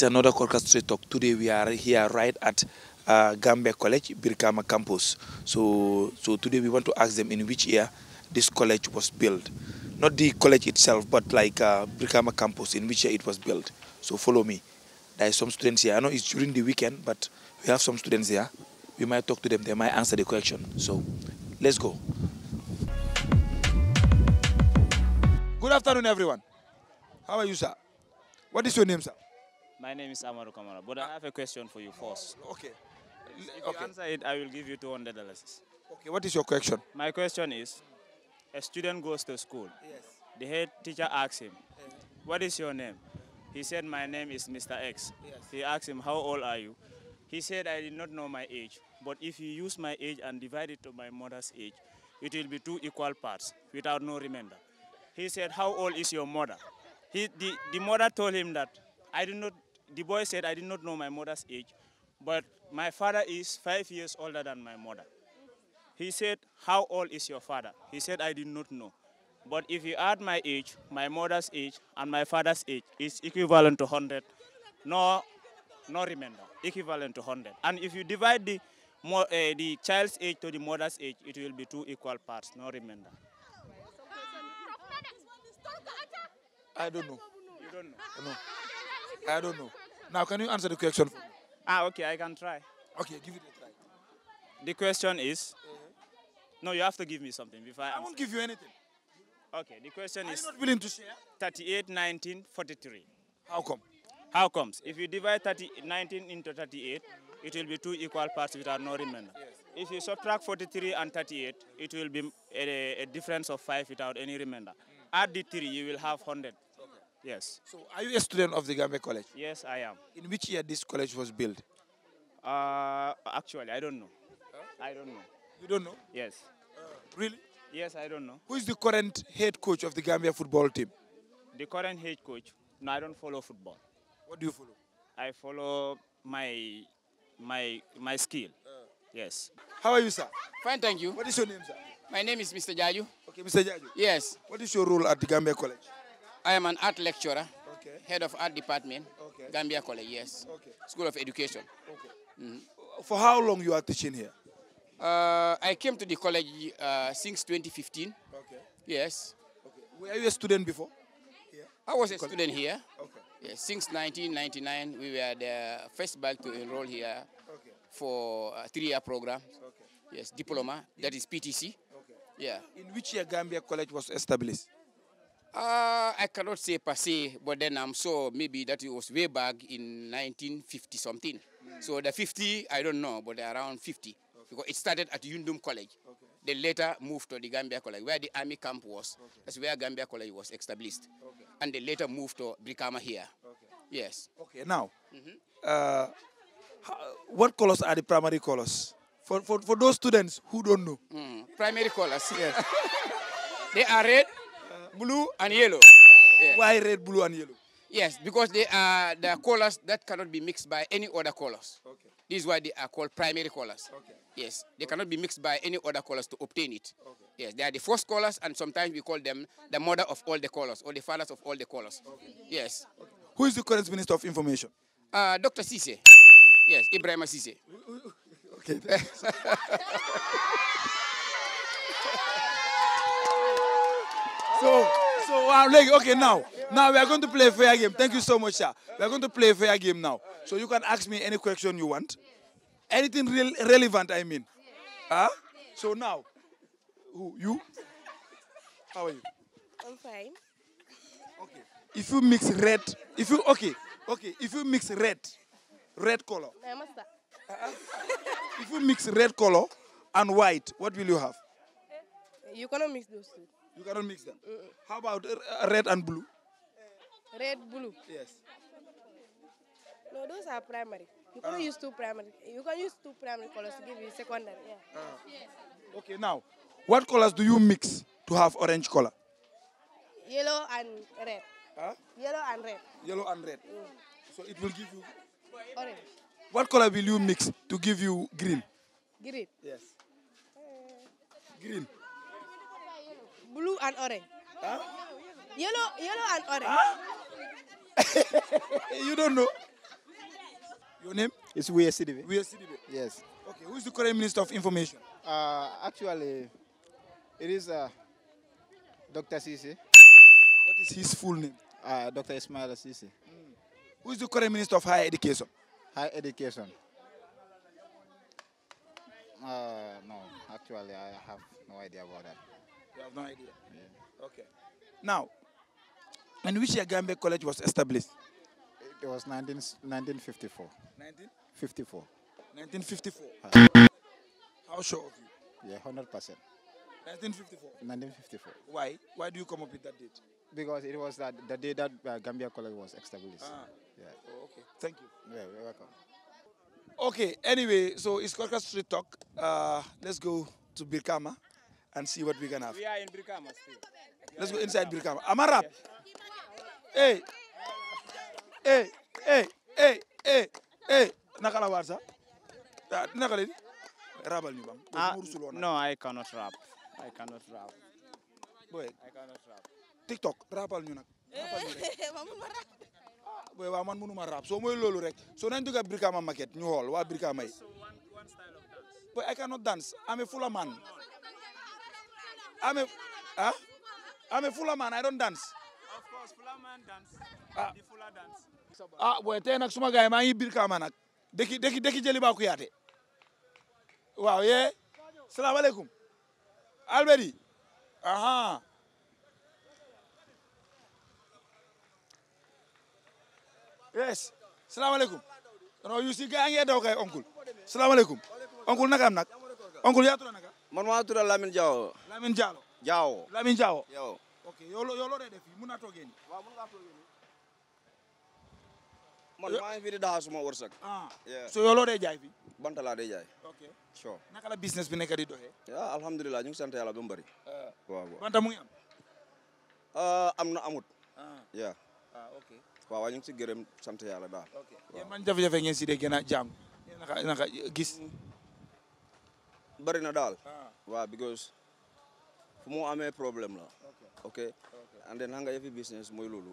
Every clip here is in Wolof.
is another Korka Street Talk. Today we are here right at uh, Gambia College, Birkama campus. So, so today we want to ask them in which year this college was built. Not the college itself, but like uh, Birkama campus, in which year it was built. So follow me. There are some students here. I know it's during the weekend, but we have some students here. We might talk to them. They might answer the question. So let's go. Good afternoon, everyone. How are you, sir? What is your name, sir? My name is Amaru Kamara, but uh, I ah. have a question for you first. Okay. If okay. you answer it, I will give you $200. Okay, what is your question? My question is, a student goes to school. Yes. The head teacher asks him, what is your name? He said, my name is Mr. X. Yes. He asked him, how old are you? He said, I did not know my age, but if you use my age and divide it to my mother's age, it will be two equal parts without no remainder. He said, how old is your mother? He, the, the mother told him that, I do not the boy said, I did not know my mother's age, but my father is five years older than my mother. He said, how old is your father? He said, I did not know. But if you add my age, my mother's age, and my father's age, it's equivalent to 100. No, no remember, equivalent to 100. And if you divide the, uh, the child's age to the mother's age, it will be two equal parts, no remember. I don't know. You don't know? No. I don't know. Now, can you answer the question for me? Ah, okay, I can try. Okay, give it a try. The question is. Uh -huh. No, you have to give me something before I. I answer. won't give you anything. Okay, the question Are is. Are not willing to share? 38, 19, 43. How come? How comes? If you divide 30, 19 into 38, it will be two equal parts without no remainder. Yes. If you subtract 43 and 38, it will be a, a difference of 5 without any remainder. Mm. Add the 3, you will have 100. Yes. So are you a student of the Gambia College? Yes, I am. In which year this college was built? Uh, actually, I don't know. Huh? I don't know. You don't know? Yes. Uh, really? Yes, I don't know. Who is the current head coach of the Gambia football team? The current head coach? No, I don't follow football. What do you follow? I follow my my my skill. Uh, yes. How are you, sir? Fine, thank you. What is your name, sir? My name is Mr. Jaju. Okay, Mr. Jaju. Yes. What is your role at the Gambia College? I am an art lecturer, okay. head of art department, okay. Gambia College, yes. Okay. School of Education. Okay. Mm For how long you are teaching here? Uh, I came to the college uh, since 2015. Okay. Yes. Okay. Were you a student before? Yeah. I was a college. student here. Okay. Yes. Since 1999, we were the first batch to enroll here okay. for a three-year program. Okay. Yes, diploma, that is PTC. Okay. Yeah. In which year Gambia College was established? Uh, I cannot say per se, but then I'm sure maybe that it was way back in 1950 something. Mm. So the 50, I don't know, but around 50. Okay. Because it started at Yundum College. Okay. They later moved to the Gambia College, where the army camp was. Okay. That's where Gambia College was established. Okay. And they later moved to Brikama here. Okay. Yes. Okay, now, mm -hmm. uh, how, what colors are the primary colors? For, for, for those students who don't know. Mm. primary colors. yes. they are red, blue, and yellow. Why red, blue, and yellow? Yes, because they are the colors that cannot be mixed by any other colors. Okay. This is why they are called primary colors. Okay. Yes, they okay. cannot be mixed by any other colors to obtain it. Okay. Yes, they are the first colors, and sometimes we call them the mother of all the colors or the fathers of all the colors. Okay. Yes. Who is the current Minister of Information? Uh, Dr. Sise. yes, Ibrahim Sise. okay. So, so uh, ah, like, okay, now, now we are going to play a fair game. Thank you so much, sir. We are going to play a fair game now. So you can ask me any question you want. Anything real relevant, I mean. Huh? Ah? So now, who, you? How are you? I'm fine. Okay. If you mix red, if you, okay, okay, if you mix red, red color. Namaste. if you mix red color and white, what will you have? You cannot mix those two. You cannot mix them. How about uh, red and blue? Red, blue. Yes. No, those are primary. You cannot ah. use two primary. You can use two primary colors to give you secondary. Yeah. Ah. Okay, now, what colors do you mix to have orange color? Yellow and red. Huh? Yellow and red. Yellow and red. Mm. So it will give you orange. What color will you mix to give you green? Green. Yes. Uh, green blue and orange. Huh? Yellow, yellow and orange. Huh? you don't know? Your name? It's Wia Sidibe. Sidibe. Yes. Okay, who is the current Minister of Information? Uh, actually, it is uh, Dr. Sisi. What is his full name? Uh, Dr. Ismail Sisi. Mm. Who is the current Minister of Higher Education? Higher Education. Uh, no, actually, I have no idea about that. You have no idea. Yeah. Okay. Now, in which year Gambia College was established? It was 19, 1954. 1954. 1954. How sure of you? Yeah, 100%. 1954. 1954. Why? Why do you come up with that date? Because it was that the day that uh, Gambia College was established. Ah. Yeah. Oh, okay. Thank you. Yeah, you're welcome. Okay. Anyway, so it's Corker Street Talk. Uh, let's go to Birkama. and see what we can have. We are in Birkama still. Let's go inside Birkama. Amarap. Hey. Hey. Hey. Hey. Hey. Hey. Nakala warsa. Ah, Nakala di. Rabal ñu bam. Ah, no, I cannot rap. I cannot rap. Boy. I cannot rap. TikTok rapal ñu nak. Rapal ñu rek. Ah, boy wa man mënuma rap. So moy lolu rek. So nanti dugg Birkama market new hall. Wah Birkama yi. Boy I cannot dance. I'm a fuller man. Ame, huh? Ame Fula man, I don't dance. Ah. Ah, nag suma gaay maa ngi biir Kaama nag. Dëkki dëkki dëkki Waaw yee. Salaamaaleykum. Alberi. Aha. Yes. Salaamaaleykum. No, you see gaay daw kay oncle. Salaamaaleykum. Oncle naka am nag. Oncle yaa tudd naka. man ma tudal Lamine Diawo. Lamine Diallo. Diawo Lamine Diawo. yow ok yow loo yow def fii mun toge ni wa waaw mun ngaa toogee man ma fi di da suma wursak ah so yow loo dee jaay fii. banta la de jay ok so naka la business bi nekati dohe doxee. alhamdullilah ñu ngi sant yàlla ba mu wa eh. wa banta mu ngi am. Ah, am amna amut. ah ah ok. wa wa ñu ngi si gërëm sant yàlla daal. ok man jafé jafé ngeen ci de gëna a naka naka gis. bëri na daal ah. waa because fu mu amee problème la ok and then hanga yëfi business mooy loolu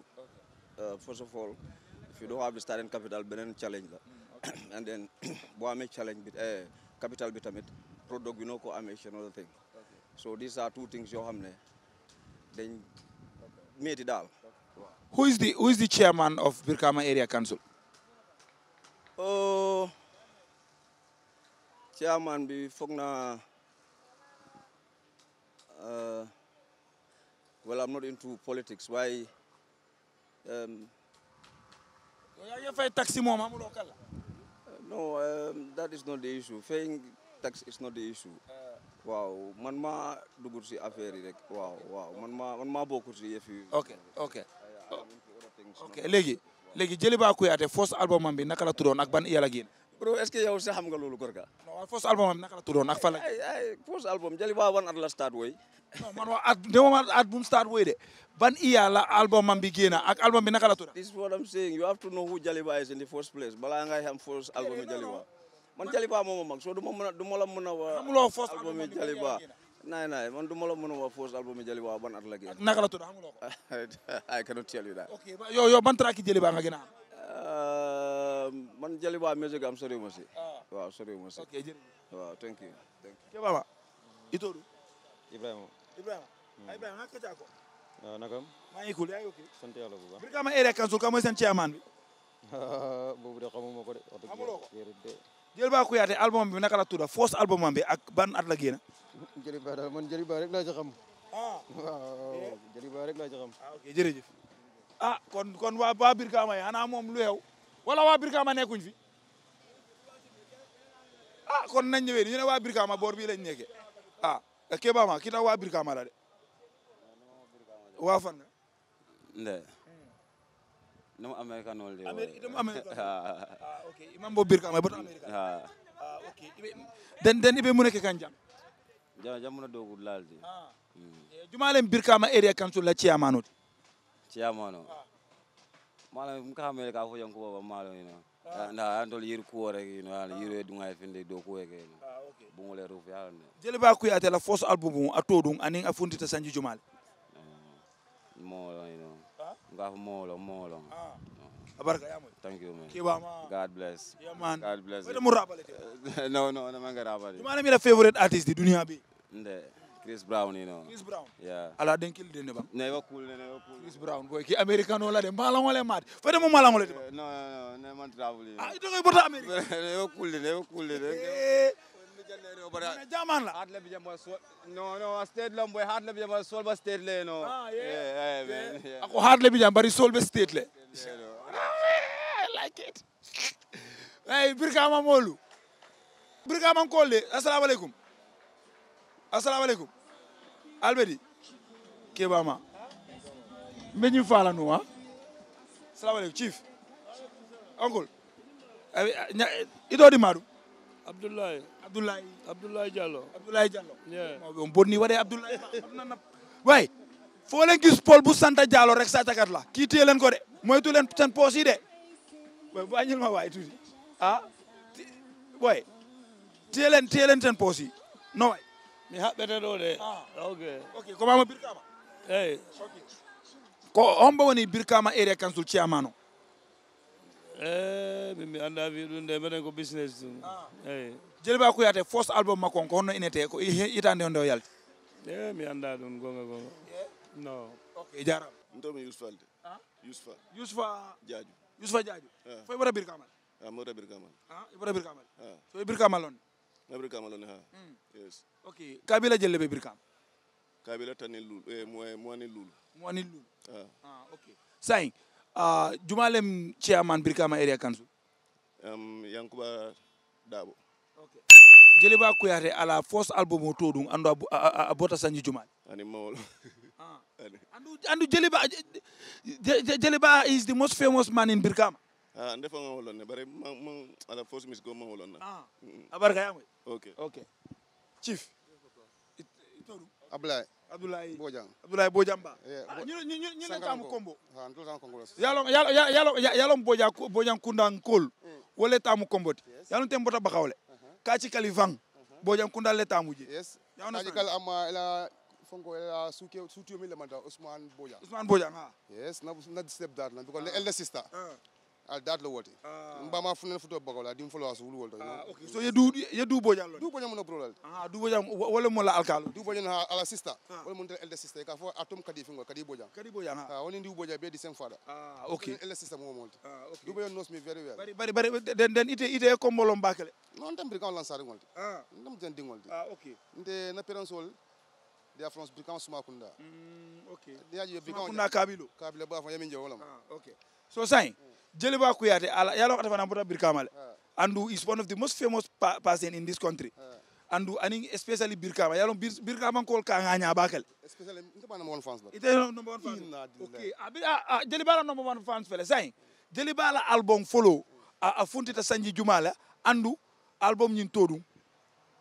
euh, first of all if you don't have the starting capital beneen challenge la mm, and then boo amee challenge bi eh, capital bi tamit product bi noo ko amee it's another thing so these are two things yoo xam ne dañ daal Who is the chairman of Birkama Area Council? Oh, chairman bi foog uh, well I'm not into politics why um, yaa fay taxi mom amuloo kala no um, that is not the issue Faying tax is not the issue uh. wow man ma dugur ci affaire yi rek wow wow man ma man maa bokkul si yëf yi okay. okay. ok léegi jeli ba kuyate first album am bi naka la tuddoon ak ban yàlla bro est ce que yow sax xam nga lolu gor ga. non fausse album am naka la tudon ak fa la. ay fausse album jali wa wan at la stade way non man wa at de moment at bu stade way de ban iya la album am bi génn ak album bi naka la tudon this is what I'm saying you have to know who wa is in the first place bala nga xam fausse album jali wa man wa moom mag so du ma mën du la mën a waa. xamuloo fausse album jali wa nay nay man du ma la mën a fausse album jali wa ban at la génn. naka la xam lo ko. I cannot tell you that. Okay, yo yo, ban track jali wa nga gën man Jaliba music am soriwuma si. Ah. waaw soriwuma si. ok jërëjëf waaw thank you. Kebaba. Itodu. Ibrahima. Ibrahima. Hmm. Ah, Ibrahima naka caa ko. waaw nakam. maa ngi cool yaa ngi ok. sant yàlla bu baax. Brikama Area Council ka mooy seen chairman bi. boobu de xamuma ko de. amuloo ko Jaliba Kuyateh album bi naka la tudd first album am bi ak ban at la génn. Jaliba daal man Jaliba rek laa ci xam. ah waaw eh? Jaliba rek laa ci xam. ah ok jërëjëf. ah kon kon waa waa Brikama yi xanaa moom lu yow. wala waa Brikama nekkuñ fi ah kon nañ ñëwee ñu ne waa Brikama boor bii lañ nekkee ah eh, Kebama ki waa Brikama la de waa fan nga. nde no american wol de american ah. ah okay imam bo Brikama bo american ah, ah okay den den ibe mu nekk kan jam jam jam na dogu laldi ah hmm. eh, jumalen Brikama area council la chairman chairman ah. malam mkahamele kakujankuba bammalowino ah. nda antol yir kuworeke ino ala yiro ah. dunga finde do kuweke ino ah, bungole rufu yalo ne jeli ba kuya tela fos album a to dum anin a fundita sanji jumal eh, molo ino ngaf molo molo abarka yamoy thank you man god bless god bless no no na manga rabale jumala mi la favorite artist di dunia nde Chris Brown, you know. Chris Brown. Yeah. Ala den kill den ba. Never cool, never cool. Chris Brown boy ki americano la de malango le mat. Fa de mo malango le de. No no no, ne man travel. Ah, ito ko bota America. Never cool, never cool de. Eh. Uh, jaman la. Hard lebi jamo sol. No no, state lam boy hard lebi jamo sol ba state le no. Ah yeah. Yeah, man. Ako hard lebi jam bari sol ba state le. I like it. Hey, birkama molu. Birkama kolle. Assalamu alaikum. Assalamu alaikum. alɓeɗi keɓama mbeñim ma nu a ah. salamu aleykum chief oncle iɗoɗima ɗum abdoulaye abdoulaye abdoulaye diallo abdoulaye diallo mawɓe on bonni way fo len gis pol bu santa diallo rek saccakat la kiitiye len ko de moytu len ten poosi de way bañilma way tuuti a ah, tiye len tiye len ten poosi no mi haɓɓete ɗo de ok ok ko mama birkama eyi ko hombo woni birkama area council ciamano e eh, min mi annda wi ɗum nde mbiɗen ko business ɗum ah. eyi jeli ba kuyate first album makko on ko honno inete ko hitande o nde o yalti e eh, mi annda ɗum gonga gonga no ok jarama mi tomi yusfalde ah? yusfa yusfa diadiou yusfa diadiou ah. foye ɓota birkamal mi wota birkamal iɓota birkamal so e birkamal on Abrikam ha. Mm. Yes. Okay. Kabila jelle be Birkam. Kabila tani lul eh mwa mwani lul. Mwani lul. Ah. Ah okay. Sai uh, ah, Jumalem chairman Birkama area council. Um Yankuba Dabo. Okay. Jelle ba kuyare ala first album to dum ando abota sanji Jumal. Ani mawlo. ah. Andu andu Jelle ba ba is the most famous man in Birkama. Ah ndefa ngolon ne bare man ala first miss go ma na. Ah. Abarka yamwe. ok ok chief. Abdoulaye. Abdoulaye Bojang. Abdoulaye Bojang Ba. Ah, ñu ñu ñu ñu ne taamu kombo. ah tout le temps kombo la. yalong yal kombo mm. ti. yalong tembo ta bakawle. le taamu je. yes kaci kali ama ila ah. na na step dar na because le ah. al datlo woti ah. mbama funen futo bagola dim folo asu wulwol to ah ok so ye du ye du bojal du bojam no problem ah du bojam wala mo la alkal du bojam ha ala sista ah. wala mo elde sista ka fo atom kadi fingo kadi bojam kadi bojam ha ah, woni ndi bojam be di sem fada ah ok elde sista mo mo ah ok du bojam nos mi very well bari bari bari den den ite ite ko molom bakale non tam brikam lan sare ngol ah ndam jan dingolti ah ok nde na parents wol dia france brikam suma kunda mm okay dia je brikam kunda kabilo kabilo ba fa yamin je wala ah ok so saying Jeliba Kuyate, yalo kata fana buta birkamale. Andu is one of the most famous pa person in this country. Andu aning especially birkama. Yalo birkama kol ka nganya bakel. Especially it is number one fans. Ite number one fans. Okay, abi Jeliba la number one fans fele saying. Jeliba la album follow. A funti ta sanji jumala. Andu album nyin todum.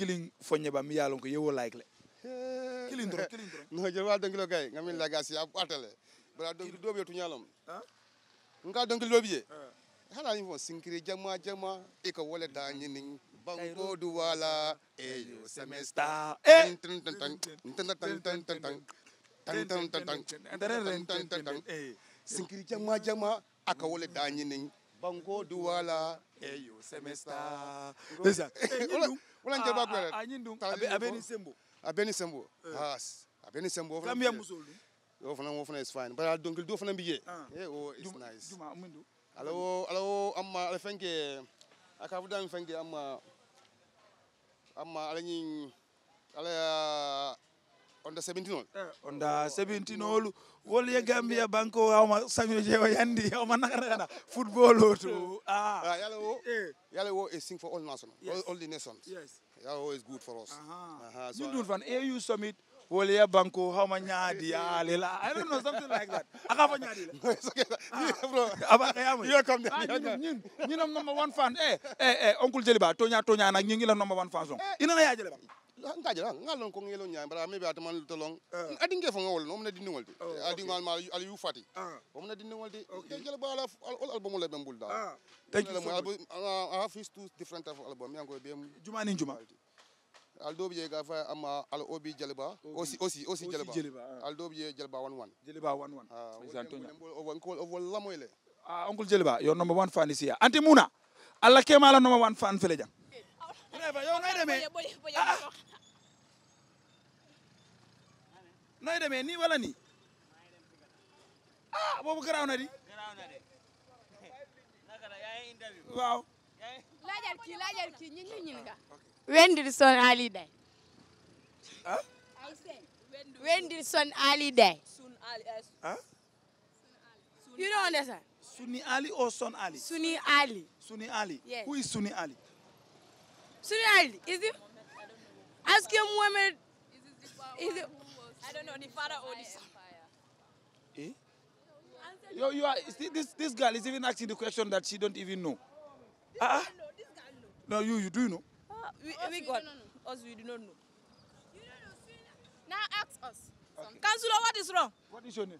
killing fonye ba mi yalon ko yewo like le killing dro killing dro no je wa dongilo gay la gas ya atale bra dongi dobe tu nyalom han nga dongi lobiye hala ni fo sinkiri jama jama e ko wala da nyinin bango du wala e yo semester e tan tan tan tan tan tan tan tan sinkiri jama jama aka wale da nyinin bango du wala e yo semester wulan jaba gwele a nyin dun sembo abeni sembo has sembo fana kamya musolu yo fana is fine but uh, donc do fana biye ah. eh o oh, is nice duma mundu alo alo amma ala fenke aka fudan fenke amma amma ala nyin ala uh, onda 17 ol onda 17 ol wol ye gambia banko ma hawma sañoje o yandi ma nagana gana football o to ah, ah yalla wo eh. yalla wo is sing for all nations yes. all, all the nations yes yalla wo is good for us aha aha so ndun van au eh, summit wole ya banko ma nyaadi ya ah, lela i don't know something like that aka fa nyaadi la it's okay ah. bro aba kayamu yo comme ñun ñun number one fan eh eh eh oncle jeliba toña toña nak ñu ngi la number one fan eh. ina ya jeliba nka jala nka lon ko ngelo nyaam bara mebe atama lu tolong adi nge fo ngol no mena dindi ngolti adi ngal mal al yu fati o mena dindi ngolti de ba ala al album le bembul da ah. thank you i have two different of album yango be juma ni juma aldo bi ga fa ama al obi jalba aussi aussi aussi jalba ah. aldo bi jalba 11 jalba 11 ah Antonio. won ko o won la moyle ah oncle jalba your number one fan is here anti muna alla Kemala number one fan fele jang Yo, wait a minute. nooy demee nii wala nii ah boobu garaaw na di. waaw. laajal kii laajal kii ñun ñu ñun nga. when did Ali die? ah. I said Ali die? Sun Ali eh, ah. you don't understand. Ali or Son Ali? Sunni Ali. Sunni Ali. yes Ali? Sunni Ali is it? ask him Mohammed I don't know the father or the son. Eh? You, you are, this, this girl is even asking the question that she don't even know. This uh, girl ah, ah. know, this girl know. No, you, you do know. Uh, we, us, we, we us, we do not know. You don't know, Now ask us. Okay. Councillor, what is wrong? What is your name?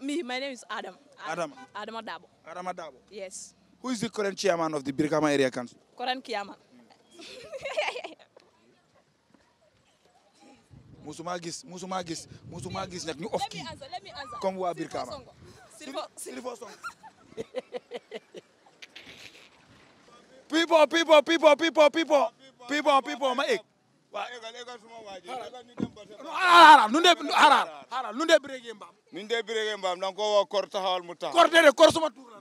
Me, my name is Adam. Adam. Adam Adabo. Adam Adabo. Yes. Who is the current chairman of the Birkama Area Council? Current chairman. Mm. musuma gis musuma gis musuma gis nag ñu of comme waa biir Kaama. Silifo Sonko pipo pipo ma egg waaw xaaral nu ndee xaaral xaaral nu ndee birégee mbaam nu ndee birégee mbaam danga ko mu taxaw kor kor suma tuur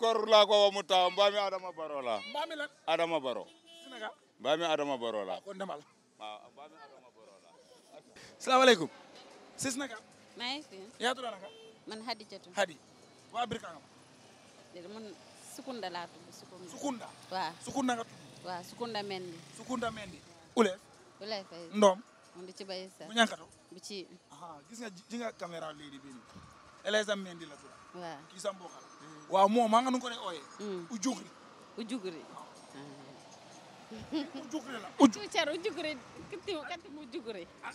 kor laa ko woo mu taxaw mbaami Adama Baro salaamaaleykum. sis naka. maa ngi fi. yaa tudd naka. man Hadi Diatou. Hadi waa Birka nga. Sukunda laa Sukunda. Sukunda. waaw Sukunda nga Sukunda Mendy. Ulef. Ulef Faye. Ndom. ci bay bu ñàkkato. bu ci. gis nga ji nga caméra léegi bii la tudd. waaw kii sa mbokk la. waaw moom maa nga nu ko doon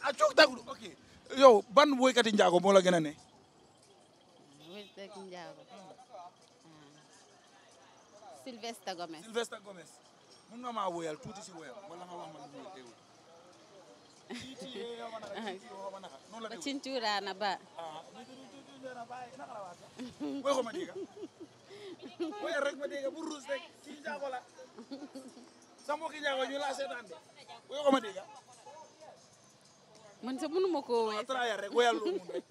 a cuk taglu ok yow ban woykati njaago moo la gën a ne ah. Sylvester ba cintura ba eh, sa mbokki njaago ñu la seetaan de bu yoo ko ma dégg man sa mënu ma koo wees trayal rek wayal lu mun rek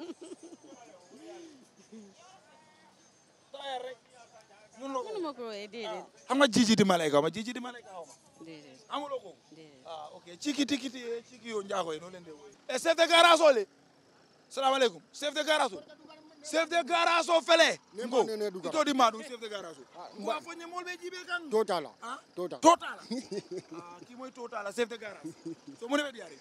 trayal rek mënu ma koo wees déedéet ah. xam nga jiji di malayka ma jiji di malayka xaw ma déedéet amuloo ko déedéet ah ok ciki tikiti eh, ciki yoo njaago yi noo leen de woy eh, chef de garage ole salaamaaleykum chef de garage ole chef de garage o fele ngo itodi maɗum chef de garage ah, o wa fo ñemolɓe jiiɓe kan totala tota totala ah, kimoy totala chef de garage so mone ɓeɗi ari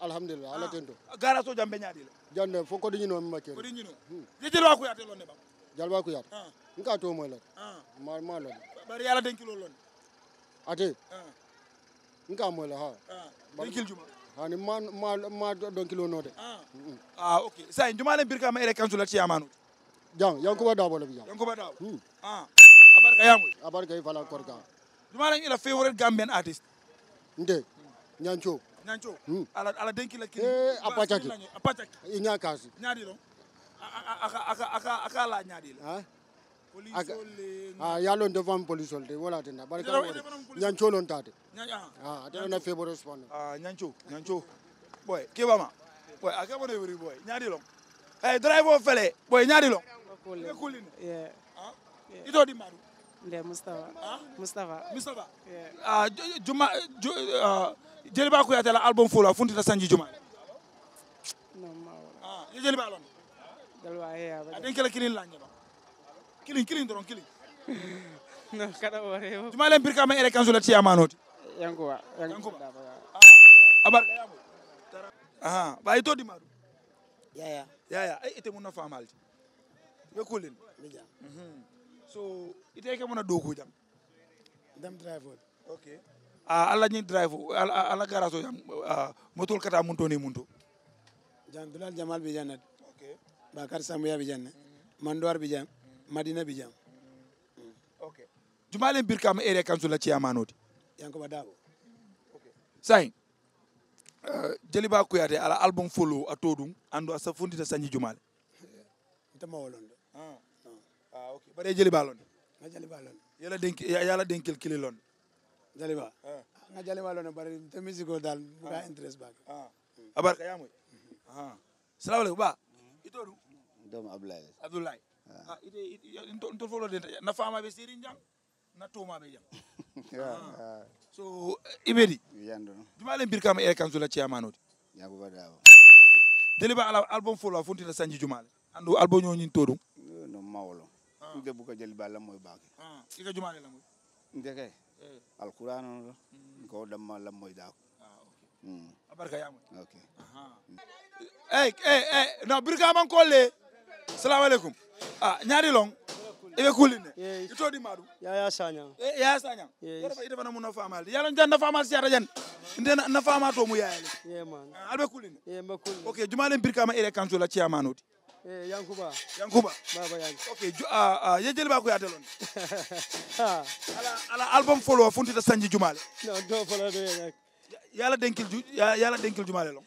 alhamdulillah ala ten to garage o jam ɓe ñaaɗile jande fof koɗi ñinomi makkere koɗi ñino hmm. jejelwa kuyate lonne ɓam jalba kuyata nka tomoy lon ma ma lon ɓari ala denkilol lonne ate nka moyla ha denkil juma ani ma ma ma don kilo no de ah, mm. ah okay sai njuma le birka ma ere kansu la ciyamanu jang yankuba dabo le jang yankuba dabo hmm. ah abar abarka yamu kor ifala njuma le ila favorite gambian artist nde nyancho nyancho hmm. ala ala den kilo kilo eh apa apa apachaki inya kasi nyadi lo aka aka aka aka la nyadi ah yalon devant police ah, olde wala tenda bari ka ah, nyancho lon tate ah tena na febo respond ah nyancho nyancho boy ke bama boy aka bono wiri boy nyaadi long eh drive o fele boy nyaadi long ne kulin ah? yeah ito di maru nde mustafa mustafa mustafa ah juma jeli ba ko yatela album fula funtita sanji juma no ma wala ah jeli ba lon dalwa heya ba aden kinin lanya kilin kilin doron kilin no kada o rewo tuma len birka ma ele kanzula ti yankuba yankuba abar aha bayi to di madu yaya yaya ay eh, ite mun na famalti be kulin mija mhm. so ite ke mun na doku jam dam driver okay a ah, ala ñi drive ala garaso ah motol kata mun to ni mun to jan dulal jamal bi jannat okay bakar samuya bi jannat mandor bi jannat madina bijan mm. okay jumalen birkama ere kansula ciyamanoti yankoba dabo okay sain uh, jeliba à ala album folo a toɗum andu a safundita sañi jumale ntama wolonde ah. ah. ah, okay. baɗe jeliba londe nga jaliba londe yala denki yala denkel kile londe jaliba ah. na jaliba londe bare te musique dal muga ah. interest bak mm. abarka yamoy mm-hmm. assalamu alaikum ba mm-hmm. itoɗum domo abdoulaye abdoulaye ha ah, ite ɗon folode ah. eh, na famaɓe na tomaɓe jam so iɓeɗi jumalen birkama ere kansula ciyamanode yakuba dawa deliba ala a fontita sanji andu album ñoñin to ɗum no mawlo nde dako abarka ah, yamoy ok eyy eyy eyy non salamu aleykum ah ñaari long ibe kuline itodi madu ya ya sanya eh, ya sanya yarfa ita bana mun famal ya lan janna famal siata jan ndena na fama to mu yaale ye man eh, albe kuline ye ma kuline okay jumalen birkama ere kanto la ciamanoti Eh, yankuba yankuba baba yankuba okay ju, uh, ah, uh, ah, yejeli ba ko yatelon ala ala album follow funti ta sanji jumale no do follow do yala denkil ju yala denkil jumale long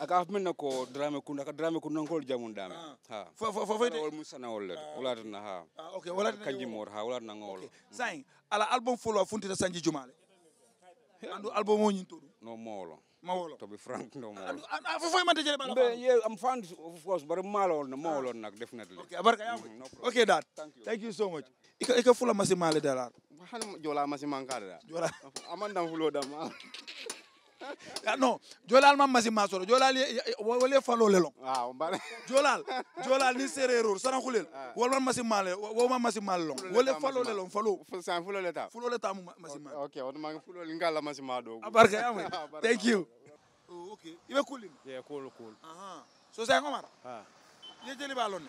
aka af minna ko drame kunda ka drame kunda ngol jamun dame ah. ha fo fo fo wol musana wol wala na ah, ha ah, okay wala kanji mor ha wala na ngol sain ala album follow funtita sanji jumale andu album woni to no molo mawolo to be frank no molo fo fo man tejere bala be ye am fan of course bar malo na molo nak definitely okay barka ya mm-hmm, okay dad thank you thank you so much ika ika fula masimale dalar han jola masimankada jola amandam fulo dam Ah, non jolal mam masi masoro jolal wole falo lelo waaw ah, mbare jolal jolal ni sereror sana khulel wol mam masi male ah. wo mam masi mal lon wole falo lelo falo sa fulo leta fulo leta mu masi mal okay on ma fulo ngala masi ma do abarka yamay thank you oh, okay ibe kulim ye kul, kul. aha so sa ya ngomar ha ye jeli balon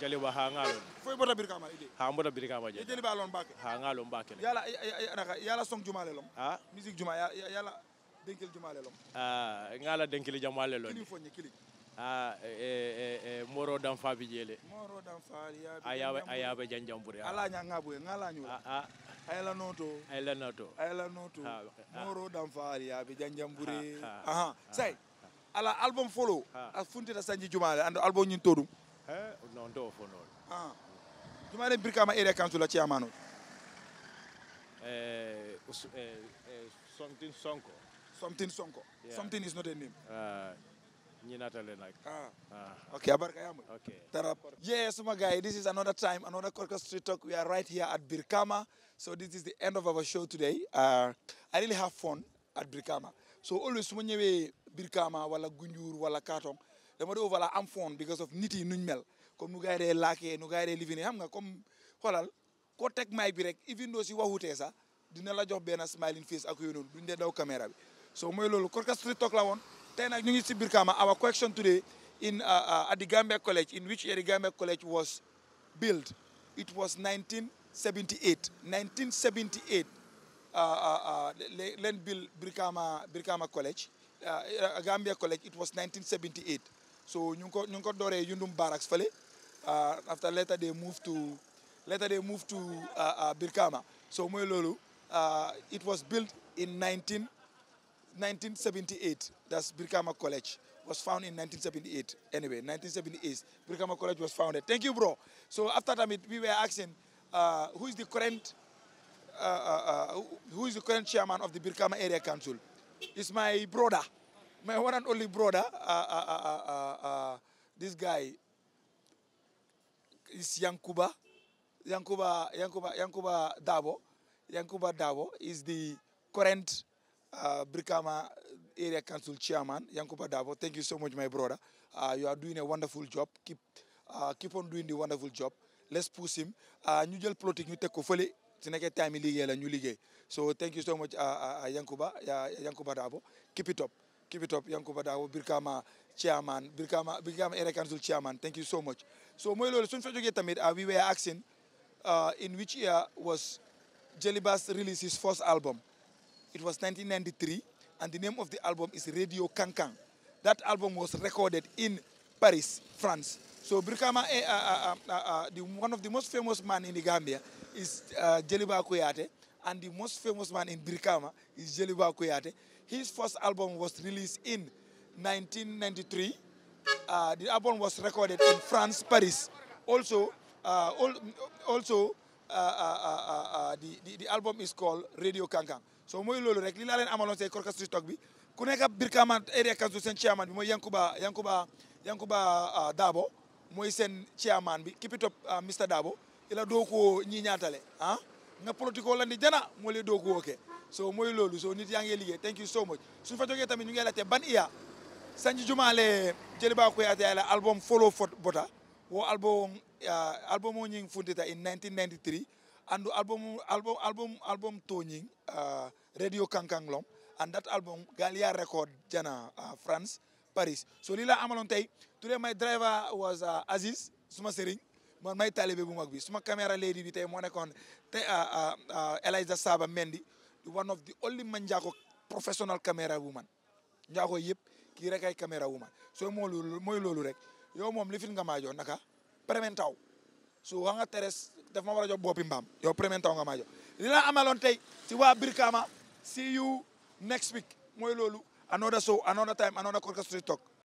Jeli jali ba ha ngalon foy e bota bir kama ide ha bota bir kama je jeli balon bake ha ngalon bake yala yala ya, ya, song juma lelon ha musique juma yala denkil jumalelom ah ngala denkil jamalelon kili fonye kili ah e e moro dam fa bi jele moro dan fa ya ayabe ah, ayabe janjambure ah. ala nya ngabu ngala nyu ah ay ah. la noto ay noto ay noto moro dan fa ya bi janjambure aha say ala album follow a funtita sanji jumale ando album nyin todum eh non do fo non ah jumale birkama ere kan la chiamano eh eh something sonko Something Sonko. Yeah. Something is not a name. Uh, like. a ah. ah. Okay, Abarkayama. Okay. Yes, my guy, this is another time, another Korka Street Talk. We are right here at Birkama. So this is the end of our show today. Uh, I really have fun at Birkama. So always when you Birkama, wala Gunjur, wala Katong, dama do wala am fun because of niti nuñ mel. Comme nu gaay dé laké, nu gaay dé living xam nga comme xolal ko tek may bi rek even though si waxutee sax dina la jox benn smiling face ak yooyu noonu duñ dee daw so mooy loolu Korka street talk la woon tey nag ñu ngi si Brikama our question today in uh, uh, at the Gambia College in which year the Gambia College was built it was 1978 1978 uh, leen build Brikama Brikama College Gambia College it was 1978 so ñu ngi ko ñu ngi ko dooree Yundum Barracks fële after later they moved to later they moved to Brikama so mooy loolu it was built in 19 1978, that's Brikama College, was founded in 1978. Anyway, 1978, Brikama College was founded. Thank you, bro. So after that, we were asking uh, who is the current uh, uh, uh, who is the current chairman of the Birkama Area Council? It's my brother, my one and only brother. Uh, uh, this guy is Yankuba, Yankuba, Yankuba, Yankuba Dabo. Yankuba Dabo is the current uh, Brikama uh, Area Council Chairman, Yankuba Davo. Thank you so much, my brother. Uh, you are doing a wonderful job. Keep uh, on doing the wonderful job. Let's push him. Uh, ñu jël politique ñu teg ko fële su nekkee time yi liggéey la ñu liggéey so thank you so much Yankuba Yankuba Davo. Keep it up. Keep it up, Yankuba Davo, Brikama Chairman, Brikama, Brikama Area Council Chairman. Thank you so much. So mooy loolu suñ fa jógee tamit we were asking in which year was Jelly Bass released his first album. It was 1993, and the name of the album is Radio Cancan. That album was recorded in Paris, France. So Brikama, uh, uh, uh, the, one of the most famous man in the Gambia is uh, Jeliba Koyate, and the most famous man in Brikama is Jeliba Koyate. His first album was released in 1993. Uh, the album was recorded in France, Paris. Also, uh, also uh, the, the, the album is called Radio Cancan. so mooy loolu rek li laa leen amaloon say korkas stock bi ku nekk ab Birkama area council seen chairman bi mooy Yankuba Yankuba Yankuba ah, Dabo mooy seen chairman bi keep it up ah, Mr Dabo ila doo ko ñi ñaatale ah nga politiko lan di jana moo lee doo ko woke so mooy loolu so nit yaa ngi liggéey thank you so much suñ fa jógee tamit ñu ngi laajte ban iya sanji jumaale jëli baa ko yaate la album follow fot bota wo album ah, album o ñing funtita in 1993 and album album album album Tony uh, Radio Kankanglom and that album Galia record jana uh, France Paris so lii laa tey today my driver was uh, suma sëriñ may taalibe bu mag bi suma caméra lady bi tey moo nekkoon te uh, uh, Eliza Saba Mendy one of the only man Njaago professional camera woman Njaago yëpp kii rek ay camera woman so mooy loolu rek yow moom li fi naka premier so wa nga teres daf ma war a jox boppi mbaam yow premier taw nga maa jox li la amaloon tey si waa Brikama see you next week mooy loolu another show another time another Korka Street Talk